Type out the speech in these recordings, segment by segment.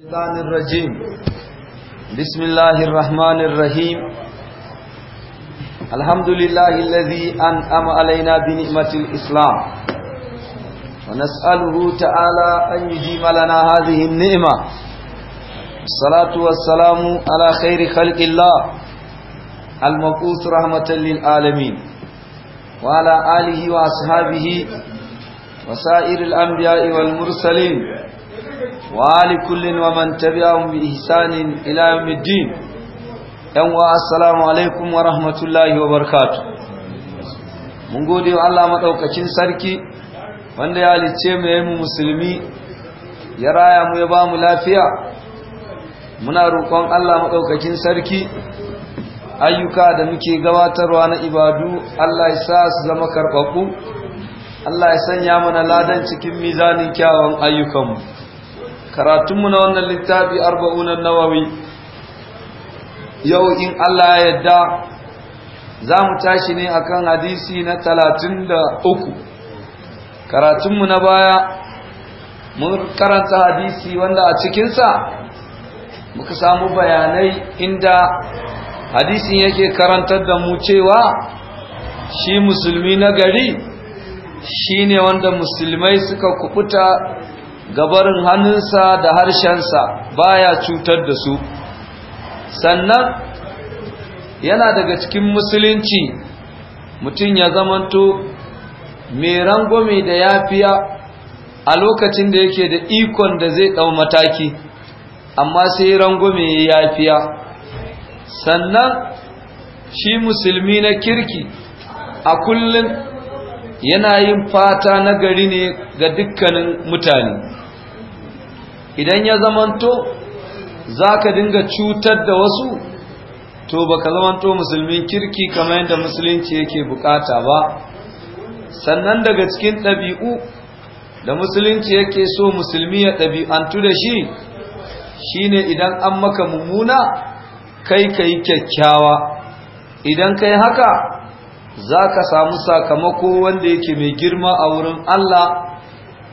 الشيطان الرجيم بسم الله الرحمن الرحيم الحمد لله الذي أنعم علينا بنعمة الإسلام ونسأله تعالى أن يجيب لنا هذه النعمة الصلاة والسلام على خير خلق الله المبعوث رحمة للعالمين وعلى آله وأصحابه وسائر الأنبياء والمرسلين وآل كل bi تبعهم بإحسان إلى يوم الدين يوم alaikum wa rahmatullahi wa وبركاته mun gode wa Allah maɗaukacin sarki wanda ya halice mu yayin musulmi ya raya mu ya ba mu lafiya muna roƙon Allah maɗaukakin sarki ayyuka da muke gabatarwa na ibadu Allah ya sa su zama karɓaɓɓu Allah ya sanya mana ladan cikin mizanin kyawawan ayyukanmu karatunmu na wannan littafi arba'unan nawawi yau in Allah ya yadda za mu tashi ne akan hadisi na talatin da uku karatunmu na baya mun karanta hadisi wanda a cikinsa muka samu bayanai inda hadisin yake karantar da mu cewa shi musulmi na gari shi ne wanda musulmai suka kubuta gabarin hannunsa da harshensa baya cutar da su sannan yana daga cikin musulunci mutum ya zamanto mai rangwame da yafiya a lokacin da yake da ikon da zai ɗau mataki amma sai rangwame ya yafiya sannan shi musulmi na kirki a kullum yana yin fata na gari ne ga dukkanin mutane idan ya zamanto za ka dinga cutar da wasu to ba baka zamanto musulmin kirki kamar yadda musulunci yake bukata ba sannan daga cikin ɗabi'u da musulunci yake so musulmi ya ɗabi'antu da shi shi ne idan an maka mummuna kai ka yi kyakkyawa idan ka yi haka za ka samu sakamako wanda yake mai girma a wurin Allah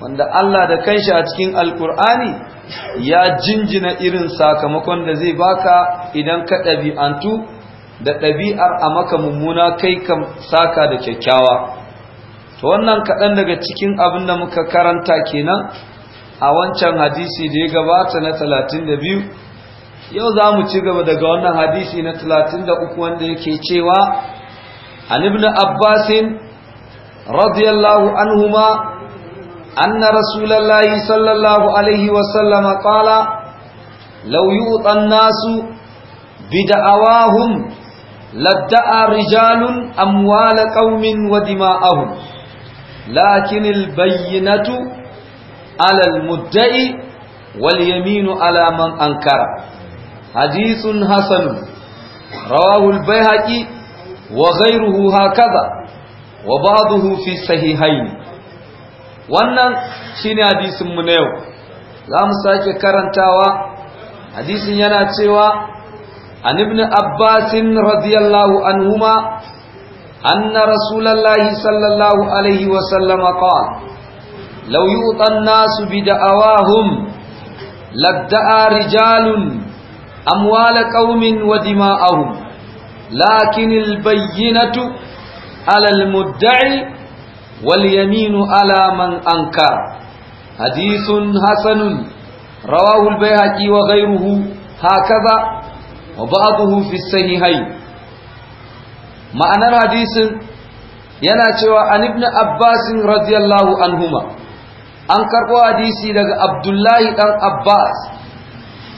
wanda Allah da kanshi a cikin alkur'ani ya jinjina irin sakamakon da zai baka idan ka ɗabi'antu da ɗabi'ar a maka mummuna kai kam saka da kyakkyawa Ta wannan kaɗan daga cikin abin da muka karanta kenan a wancan hadisi da ya gabata na 32 yau za mu ci gaba daga wannan hadisi na 33 wanda yake cewa an ibn abbasin radiyallahu ma. أن رسول الله صلى الله عليه وسلم قال لو يؤطى الناس بدعواهم لادعى رجال أموال قوم ودماءهم لكن البينة على المدعي واليمين على من أنكر حديث حسن رواه البيهقي وغيره هكذا وبعضه في الصحيحين wannan shine hadisin mu na yau za mu sake karantawa hadisin yana cewa an ibn abbas radiyallahu anhuma anna rasulullahi sallallahu alaihi wa sallam qala law yu'ta nasu bi da'awahum ladda'a rijalun amwala qaumin wa dima'ahum lakinil bayyinatu alal muddai wal yaminu ala man ankar hadithun hasanun rawahu al-bayhaqi wa ghayruhu hakaza wa ba'dahu ma'anar hadisin yana cewa an ibn abbas radiyallahu anhuma an karɓo hadisi daga abdullahi ɗan abbas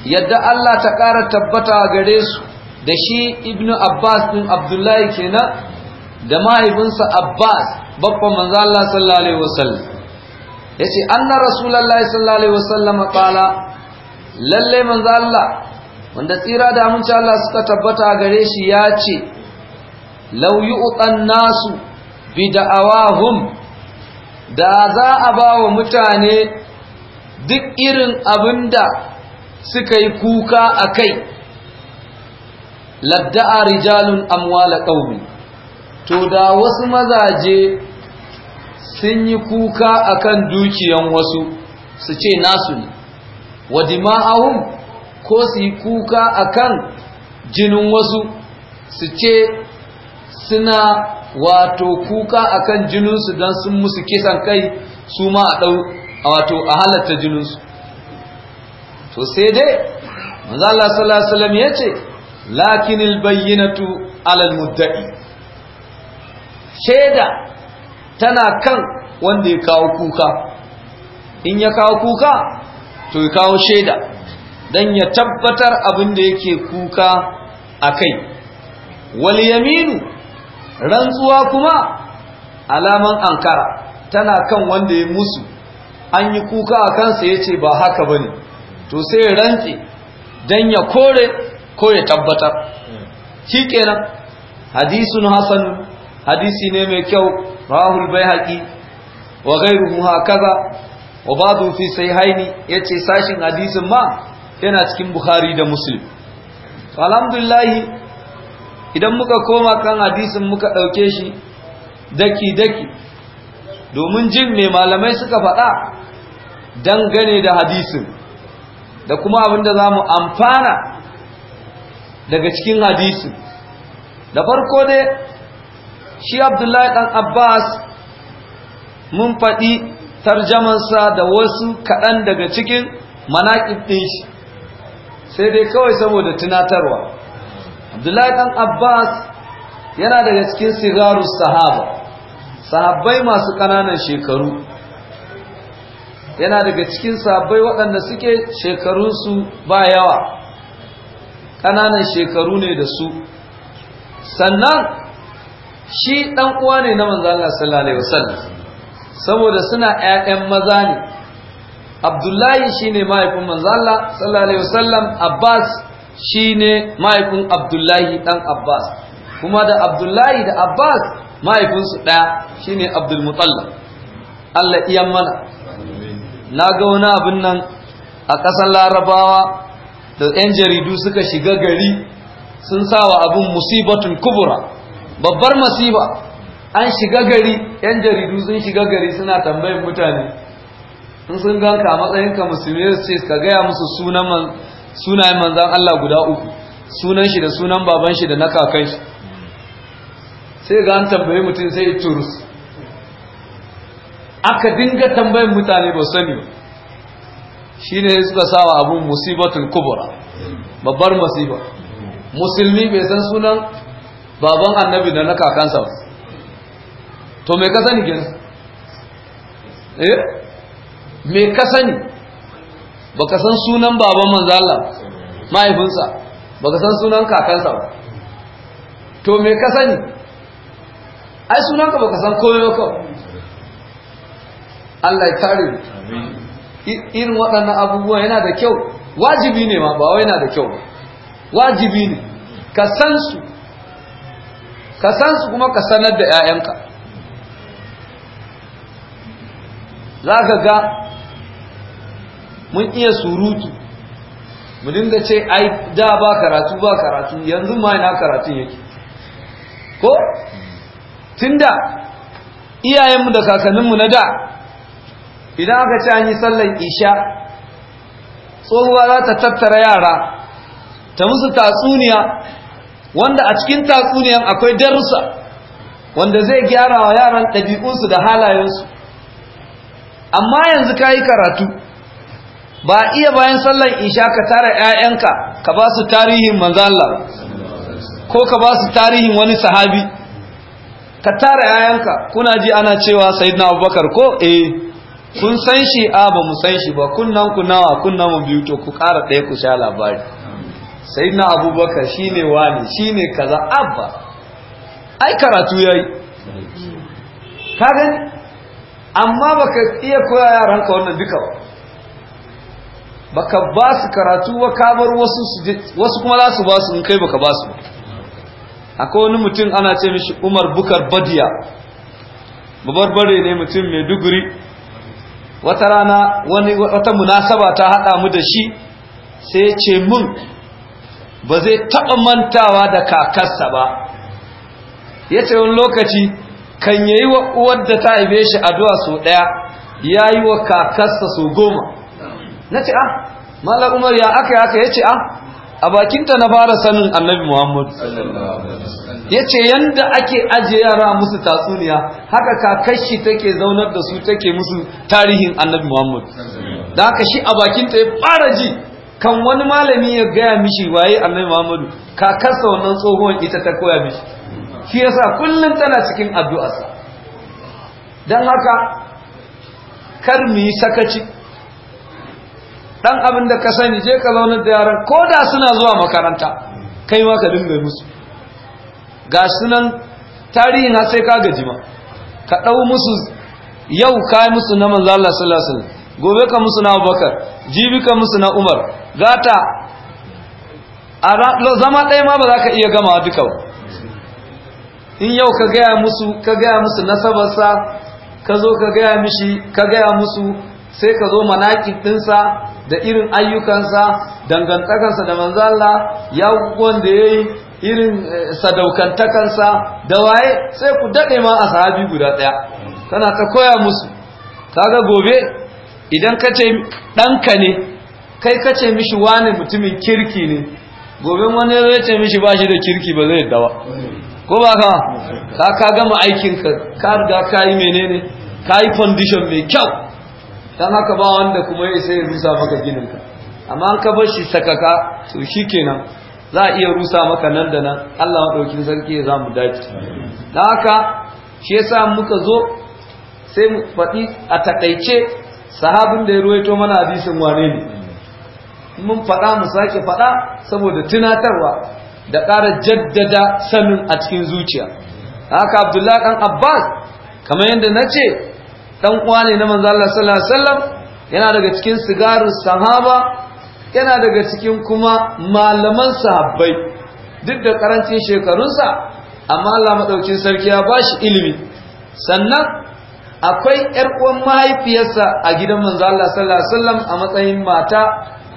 yadda Allah ta ƙara tabbata gare su da shi ibn abbas ɗin abdullahi kenan da mahaifinsa abbas babban manzo Allah sallallahu alaihi wasallam yace anna rasulullahi sallallahu alaihi wasallam qala lalle manzo Allah wanda tsira da aminci Allah suka tabbata gare shi yace law yu'tan nasu bid'awahum da za a ba wa mutane duk irin abinda suka yi kuka a akai labda'a rijalun amwala qaumi to da wasu mazaje sun yi kuka a kan dukiyan wasu su ce nasu ne wa dima'ahun ko su yi kuka a kan jinin wasu su ce suna wato kuka a kan jininsu don sun musu kisan kai su ma a ɗau wato a halatta jininsu to sai dai manzala salasalam ya ce lakinil bayyanatu alal mudda'i shaida tana kan wanda ya kawo kuka in ya kawo kuka to ya kawo shaida Dan ya tabbatar abin da yake kuka a kai wal yaminu rantsuwa kuma alaman ankara tana kan wanda ya musu an yi kuka a kansa ya ce ba haka ba ne to sai ya rantse dan ya kore ko ya tabbatar shi kenan hadisun hasan hadisi ne mai kyau rawahu al-baihaqi wa ghayruhu hakaza wa ba'du fi sahihaini sashin hadisin ma yana cikin Buhari da muslim alhamdulillah idan muka koma kan hadisin muka dauke shi daki daki domin jin me malamai suka faɗa dangane da hadisin da kuma abin da za mu amfana daga cikin hadisin da farko dai shi abdullahi ɗan abbas mun faɗi tarjamansa da wasu kaɗan daga cikin manaƙin ɗin shi sai dai kawai saboda tunatarwa abdullahi ɗan abbas yana daga cikin sigaru sahaba sahabbai masu ƙananan shekaru yana daga cikin sahabbai waɗanda suke shekarunsu ba yawa ƙananan shekaru ne da su sannan shi dan uwa ne na manzo Allah sallallahu alaihi wasallam saboda suna ƴaƴan maza ne Abdullahi shine mahaifin manzo Allah sallallahu alaihi wasallam Abbas shine mahaifin Abdullahi dan Abbas kuma da Abdullahi da Abbas mahaifinsu ɗaya shine Abdul Muttalib Allah iyan mana na ga wani abin nan a ƙasar Larabawa da 'yan jaridu suka shiga gari sun sawa abin musibatun kubura babbar masifa an shiga gari yan jaridu sun shiga gari suna tambayin mutane in sun ganka a matsayinka musulmi su ce ka gaya musu sunayen manzan Allah guda uku sunan shi da sunan baban shi da na kakan shi sai ga an tambayi mutum sai turus aka dinga tambayin mutane ba sani shi ne suka sawa abun musibatul kubra babbar masifa musulmi bai san sunan baban annabi da na kakansa to me ka sani kenan eh me ka sani baka san sunan baban manzo Allah mahaifinsa baka san sunan kakansa ba to me ka sani ai sunanka baka san komai ba Allah ya tare irin waɗannan abubuwan yana da kyau wajibi ne ma ba wai yana da kyau wajibi ne ka san su ka san su kuma ka sanar da 'ya'yanka za ka ga mun iya surutu mu dinga ce ai da ba karatu ba karatu yanzu ma ina karatun yake ko tunda iyayenmu da kakanninmu na da idan aka ci an yi sallan isha tsohuwa za ta tattara yara ta musu tatsuniya wanda a cikin tatsuniyan akwai darussa wanda zai gyara wa yaran ɗabi'unsu da halayensu amma yanzu ka yi karatu ba iya bayan sallar isha ka tara 'ya'yanka ka ba su tarihin manzala ko ka ba su tarihin wani sahabi ka tara 'ya'yanka kuna ji ana cewa sayidina abubakar ko eh kun san shi a ah, ba mu san shi ba kunnan ku nawa kunnan mu biyu to ku ƙara ɗaya ku sha labari Sai na abubakar shine wani shine kaza abba ai karatu yayi ka amma baka iya koya yaranka wannan duka ba baka ba su karatu wa ka wasu kuma za su ba su in kai baka ba su akwai wani mutum ana ce mishi Umar Bukar Badiya babarbare ne mutum mai duguri wata rana wani wata munasaba ta hada mu da shi sai ce mun ba zai taɓa mantawa da kakarsa ba ya ce wani lokaci kan yayi wa uwar da ta haife shi addu'a sau ɗaya ya yi wa kakarsa sau goma na ce ah malar umar ya aka yi aka ya ce ah a bakinta na fara sanin annabi muhammadu ya ce yadda ake ajiye yara musu tatsuniya haka kakashi take zaunar da su take musu tarihin annabi muhammadu da haka shi a bakinta ya fara ji kan wani malami ya gaya mishi waye annabi Muhammadu kakarsa wannan tsohuwan ita ta koya mishi shi yasa kullum tana cikin addu'arsa dan haka kar mu yi sakaci dan abin da ka sani je ka zauna da yaran ko da suna zuwa makaranta kai ma ka dinga musu ga sunan tarihin har sai ka gaji ma ka dau musu yau kai musu na manzo Allah sallallahu alaihi wasallam gobe ka musu na abubakar jibi ka musu na umar gata a zama ɗaya ma ba za ka iya gama duka ba in yau ka gaya musu ka gaya musu nasabarsa ka zo ka gaya mishi ka gaya musu sai ka zo manaƙi ɗinsa da irin ayyukansa dangantakansa da manzala ya wanda ya yi irin eh, sadaukantakansa da waye sai ku daɗe ma a sahabi guda ɗaya kana ta koya musu ga gobe idan ka ce ɗanka ne kai ka ce mishi wani mutumin kirki ne gobe wani zai ce mishi ba shi da kirki ba zai dawa ko ba ka ka ka gama aikin ka riga ka yi menene ka yi foundation mai kyau don haka ba wanda kuma ya sai ya rusa maka gininka amma an ka bar shi sakaka to shi kenan za a iya rusa maka nan da nan allah maɗaukin sarki ya za mu dace don haka shi ya sa muka zo sai mu faɗi a taƙaice sahabin da ya ruwaito mana hadisin wane ne mun faɗa mu sake faɗa saboda tunatarwa da ƙara jaddada sanin a cikin zuciya haka abdullahi kan abbas kamar yadda na ce ɗan uwa ne na manza sallallahu alaihi wasallam yana daga cikin sigarin sahaba yana daga cikin kuma malaman sahabbai duk da karancin shekarunsa amma Allah madaukin sarki ya bashi ilimi sannan akwai ‘yar uwan mahaifiyarsa a gidan manzo Allah sallallahu alaihi wasallam a matsayin mata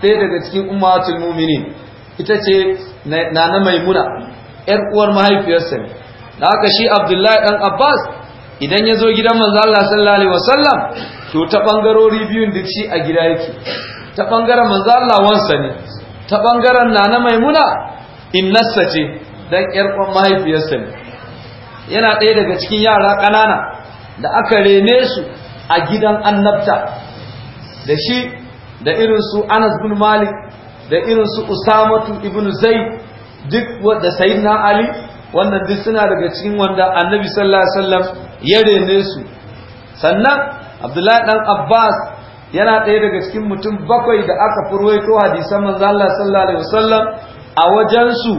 ɗaya daga cikin ummatul mu'minin ita ce nana maimuna ‘yar uwar mahaifiyarsa ne da haka shi abdullahi ɗan abbas idan ya zo gidan manzo Allah sallallahu alaihi wasallam to ta ɓangarori biyun duk shi a gida yake ta ɓangaren manzo Allah wansa ne ta ɓangaren nana maimuna innasa ce dan ƴar uwan mahaifiyarsa ne yana ɗaya daga cikin yara ƙanana da aka rene su a gidan annabta da shi da irinsu anas bin malik da irinsu usamatu ibn zaid duk da sayyidina ali wannan duk suna daga cikin wanda annabi sallallahu alaihi wasallam ya rene su sannan abdullahi dan abbas yana ɗaya daga cikin mutum bakwai da aka furwaito hadisan manzo Allah sallallahu alaihi wasallam a wajen su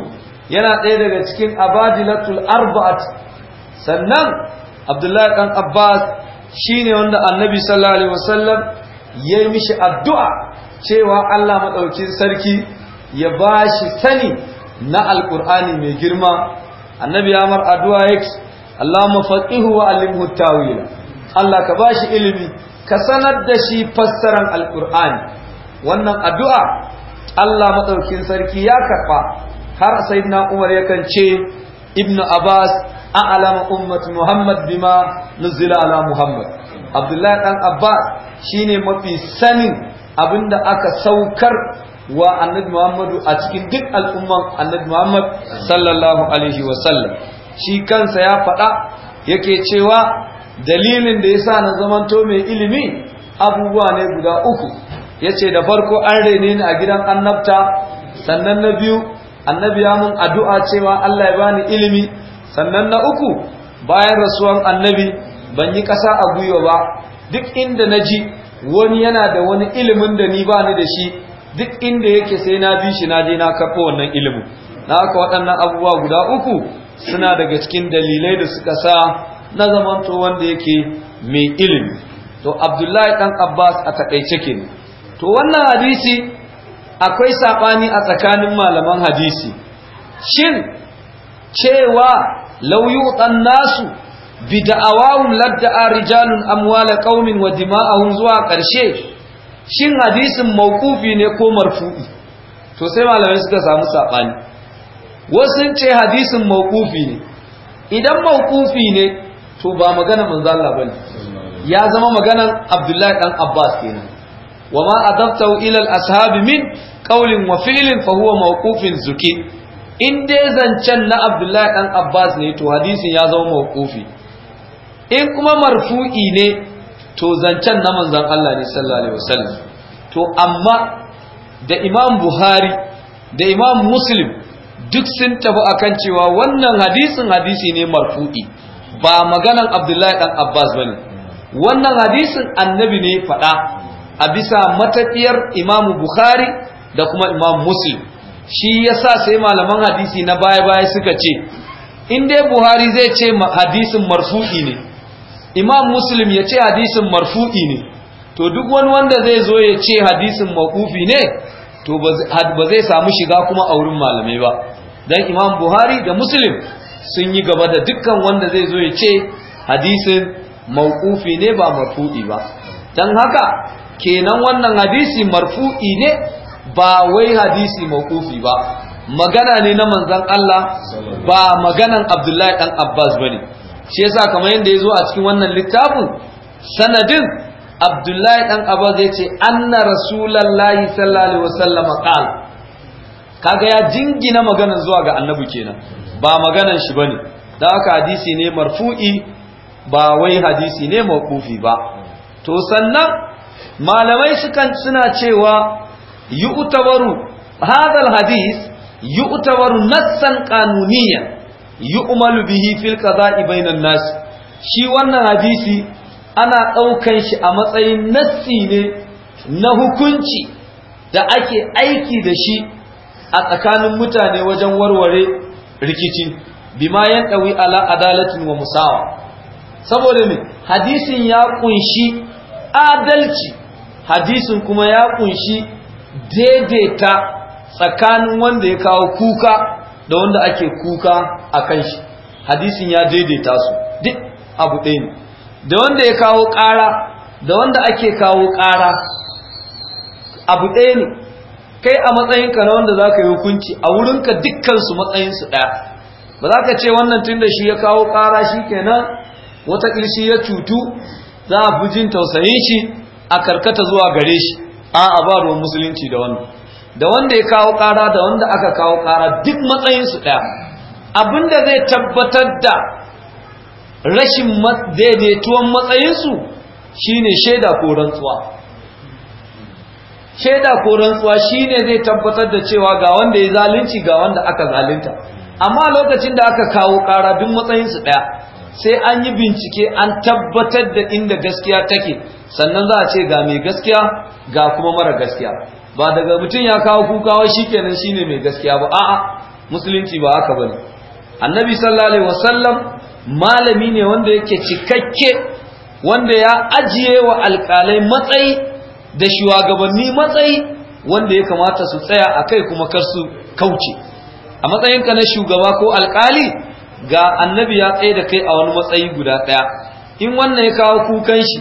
yana ɗaya daga cikin abadilatul arba'at sannan abdullahi dan abbas shine wanda annabi sallallahu alaihi wasallam ya yi mishi addu'a cewa allah maɗaukin sarki ya ba shi sani na alƙur'ani mai girma annabi ya mar addu'a ya allah mafaƙihu wa alimhu tawila allah ka ba shi ilimi ka sanar da shi fassaran alƙur'ani wannan addu'a allah maɗaukin sarki ya karɓa har sai umar yakan ce ibnu abbas a'lama ummati muhammad bima nuzila ala muhammad abdullahi dan abbas shine mafi sanin abinda aka saukar wa annabi muhammadu a cikin duk al'umman annabi muhammad sallallahu alaihi sallam. shi kansa ya faɗa yake cewa dalilin da ya sa na zamanto mai ilimi abubuwa ne guda uku ya ce da farko an rene ni a gidan annabta sannan na biyu annabi ya mun addu'a cewa allah ya bani ilimi sannan na uku bayan rasuwan annabi ban yi ƙasa a gwiwa ba duk inda na ji wani yana da wani ilimin da ni ba ni da shi duk inda yake sai na bi shi na je na karɓo wannan ilimin na haka waɗannan abubuwa guda uku suna daga cikin dalilai da suka sa na zamanto wanda yake mai ilimi to abdullahi ɗan abbas a taƙaice ke to wannan hadisi akwai saɓani a tsakanin malaman hadisi shin cewa law yu'tan nasu bi da'awahum ladda'a rijalun amwala qaumin wa dima'ahum zuwa ƙarshe shin hadisin mawqufi ne ko marfu'i to sai malamai suka samu saɓani. wasu ce hadisin mawqufi ne idan mawqufi ne to ba magana manzo Allah bane ya zama maganan Abdullahi dan Abbas kenan wama adabtahu ila al-ashabi min qawlin wa fi'lin fa huwa mawqufin zuki in dai zancen na abdullahi ɗan abbas ne to hadisin ya zama mawqufi in kuma marfu'i ne to zancen na manzon Allah ne sallallahu alaihi wasallam to amma da imam buhari da imam muslim duk sun tafi akan cewa wannan hadisin hadisi ne marfu'i ba maganan abdullahi dan abbas bane wannan hadisin annabi ne faɗa a bisa matafiyar Imam Buhari da kuma imam muslim shi yasa sai malaman hadisi na baya-baya suka ce in dai buhari zai ce hadisin marfu'i ne imam muslim ya ce hadisin marfu'i ne to duk wani wanda zai zo ya ce hadisin makufi ne to ba zai samu shiga kuma a wurin malamai ba don imam buhari da muslim sun yi gaba da dukkan wanda zai zo ya ce hadisin makufi ne ba marfu'i ba don haka kenan wannan hadisi marfu'i ne ba wai hadisi maukufi ba magana ne na manzan Allah ba maganan Abdullahi dan Abbas bane shi yasa kamar ya zo a cikin wannan littafin sanadin Abdullahi ɗan Abbas yace anna rasulullahi sallallahu alaihi wasallam kaga ya jingina maganan zuwa ga annabi kenan ba maganan shi bane da haka hadisi ne marfu'i ba wai hadisi ne maukufi ba to sannan malamai sukan suna cewa yu'tabaru hadis alhadith yu'tabaru nassan qanuniyyan yu'malu bihi fil qada'i bainan nas shi wannan hadisi ana daukan shi a matsayin nassi ne na hukunci da ake aiki da shi a tsakanin mutane wajen warware rikici bima yan dawi ala wa musawa saboda ne hadisin ya kunshi adalci hadisin kuma ya kunshi daidaita tsakanin wanda ya kawo kuka da wanda ake kuka a kan shi hadisin ya daidaita su duk abu ɗaya ne da wanda ya kawo ƙara da wanda ake kawo ƙara abu ɗaya ne kai a matsayinka na wanda za ka yi hukunci a wurinka dukkansu matsayinsu ɗaya ba za ka ce wannan tun da shi ya kawo ƙara shi kenan wata ƙirshi ya cutu za a fi jin tausayin shi a karkata zuwa gare shi a ba ruwan musulunci da wannan da wanda ya kawo kara da wanda aka kawo ƙara duk matsayinsu ɗaya abinda zai tabbatar da rashin daidaituwan matsayinsu shine shaida ko rantsuwa shaida ko rantsuwa shine zai tabbatar da cewa ga wanda ya zalunci ga wanda aka zalunta amma lokacin da aka kawo kara duk matsayinsu ɗaya sai an yi bincike an tabbatar da inda gaskiya take sannan za a ce ga mai gaskiya ga kuma mara gaskiya ba daga mutum ya kawo kuka kukawa shikenan shine mai gaskiya ba a'a musulunci ba haka bane annabi sallallahu alaihi wasallam malami ne wanda yake cikakke wanda ya ajiye wa alkalai matsayi da shugabanni matsayi wanda ya kamata su tsaya a kai kuma kar su kauce a matsayinka na shugaba ko alƙali? ga annabi ya tsaye da kai a wani matsayi guda ɗaya in wannan ya kawo kukan shi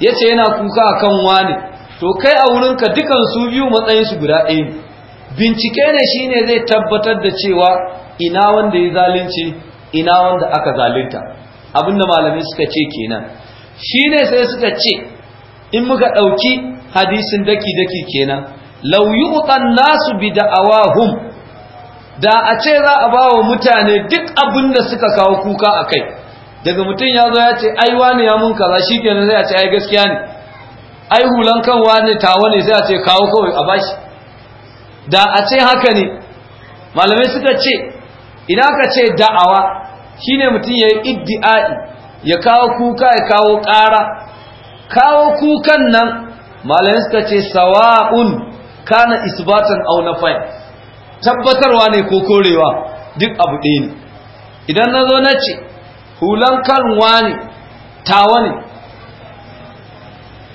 ya ce yana kuka a kan wani to kai a wurinka dukan su biyu matsayinsu guda ɗaya bincike ne shi ne zai tabbatar da cewa ina wanda ya zalunci ina wanda aka zalunta abinda malamai suka ce kenan shi ne sai suka ce in muka ɗauki hadisin daki-daki kenan lau yi nasu bi da'awahum da a ce za a ba wa mutane duk abin da suka kawo kuka a kai daga mutum ya zo ya ce ai wani ya mun kaza shi kenan zai ce ai gaskiya ne ai hulan kan wani tawa ne sai ce kawo kawai a bashi da a ce haka ne malamai suka ce idan aka ce da'awa shine mutum ya yi iddi'ai ya kawo kuka ya kawo ƙara kawo kukan nan malamai suka ce sawa'un kana isbatan aw fai. tabbatarwa ne ko korewa duk abu ɗaya ne idan na zo na ce hulan kanwa ne tawa ne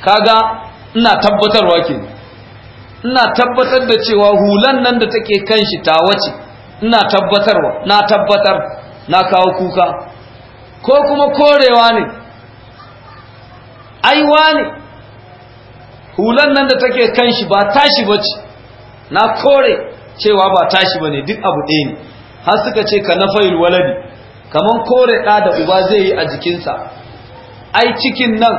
kaga ina tabbatarwa ke ina tabbatar da cewa hulan nan da take kan shi tawa ce ina tabbatarwa na tabbatar na kawo kuka ko kuma korewa ne aiwa ne hulan nan da take kan shi ba tashi ba ce na kore cewa ba tashi bane duk abu ɗaya ne har suka ce ka nafayil waladi kaman kore ɗa da uba zai yi a jikinsa ai cikin nan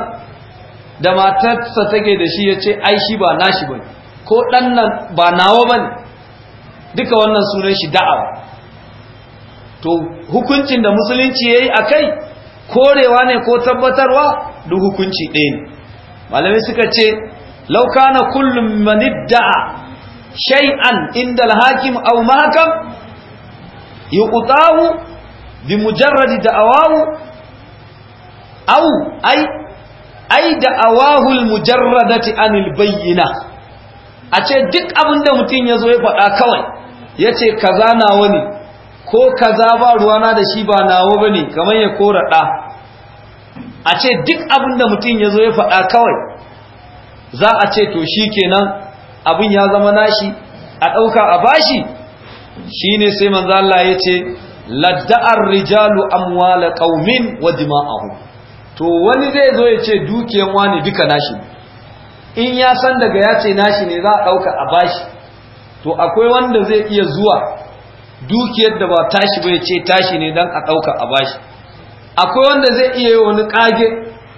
da matarsa take da shi ya ce ai shi ba nashi bane ko ɗan nan ba nawa bane duka wannan sunan shi da'awa to hukuncin da musulunci yayi akai korewa ne ko tabbatarwa duk hukunci ɗaya ne malamai suka ce lauka na kullum manidda'a shay'an inda al-hakim aw mahkam yuqtahu bi mujarrad da'awahu aw ay ay da'awahu al-mujarradati anil bayyina a ce duk abinda mutum yazo ya faɗa kawai yace kaza na wani ko kaza ba ruwa na da shi ba nawo bane kamar ya kora da a ce duk abinda mutum yazo ya faɗa kawai za a ce to shi kenan abin ya zama nashi a ɗauka a bashi shine sai manzo Allah ya ce ladda'ar rijalu amwala qaumin wa dima'ahum to wani zai zo ya ce dukiyan wani duka nashi in ya san daga ya ce nashi ne za a ɗauka a bashi to akwai wanda zai iya zuwa dukiyar da ba tashi ba ya ce tashi ne don a ɗauka a bashi akwai wanda zai iya yi wani ƙage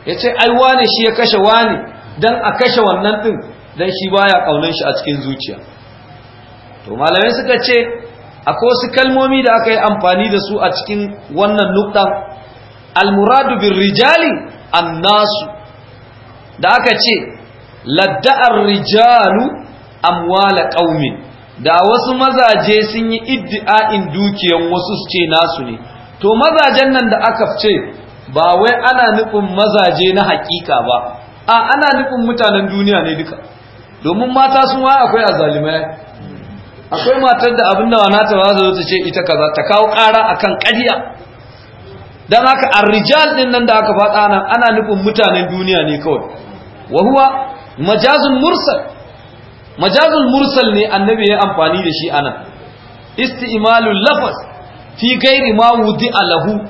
ya ce ai wane shi ya kashe wane dan a kashe wannan din? dan shi baya kaunan shi a cikin zuciya to malamai suka ce akwai wasu kalmomi da aka yi amfani da su a cikin wannan nukta almuradu bin rijali an nasu. da aka ce ladda'ar rijalu amwala qaumin da wasu mazaje sun yi iddi'a'in dukiyan wasu su ce nasu ne to mazajen nan da aka ce ba wai ana nufin mazaje na hakika ba a ana nufin mutanen duniya ne duka domin mata sun wa akwai azalimai akwai matar da abin da wana ta ba ta ce ita kaza ta kawo ƙara kan ƙarya don haka ar-rijal din nan da aka faɗa nan ana nufin mutanen duniya ne kawai Wahuwa huwa majazun mursal majazul mursal ne annabi ya amfani da shi anan isti'malul lafas, fi ghairi ma wudi'a lahu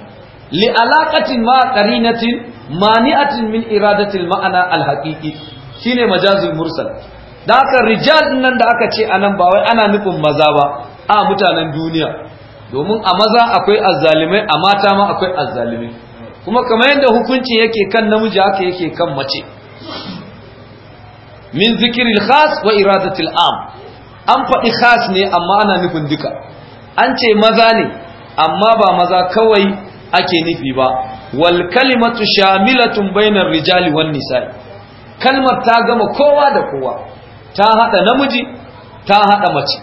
li alaqatin ma qarinatin mani'atin min iradatil ma'ana al-haqiqi shine majazul mursal da aka rijal nan da aka ce anan ba wai ana nufin maza ba a mutanen duniya domin a maza akwai azzalimai a mata ma akwai azzalimai kuma kamar yadda hukunci yake kan namiji haka yake kan mace min zikiril khas wa iradatil am an faɗi khas ne amma ana nufin duka an ce maza ne amma ba maza kawai ake nufi ba wal kalimatu shamilatun bainar rijali wan nisa'i kalmar ta gama kowa da kowa ta haɗa namiji ta haɗa mace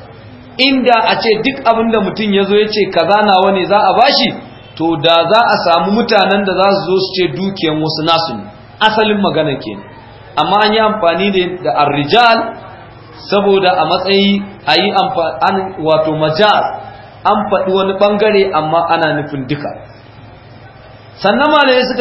inda a ce duk abin da mutum ya zo ya ce kaza na wani za a bashi to da za a samu mutanen da za su zo su ce dukiyan wasu nasu ne asalin magana ke amma an yi amfani da arrijal saboda a matsayi a yi wato majal an faɗi wani ɓangare amma ana nufin duka sannan malaye suka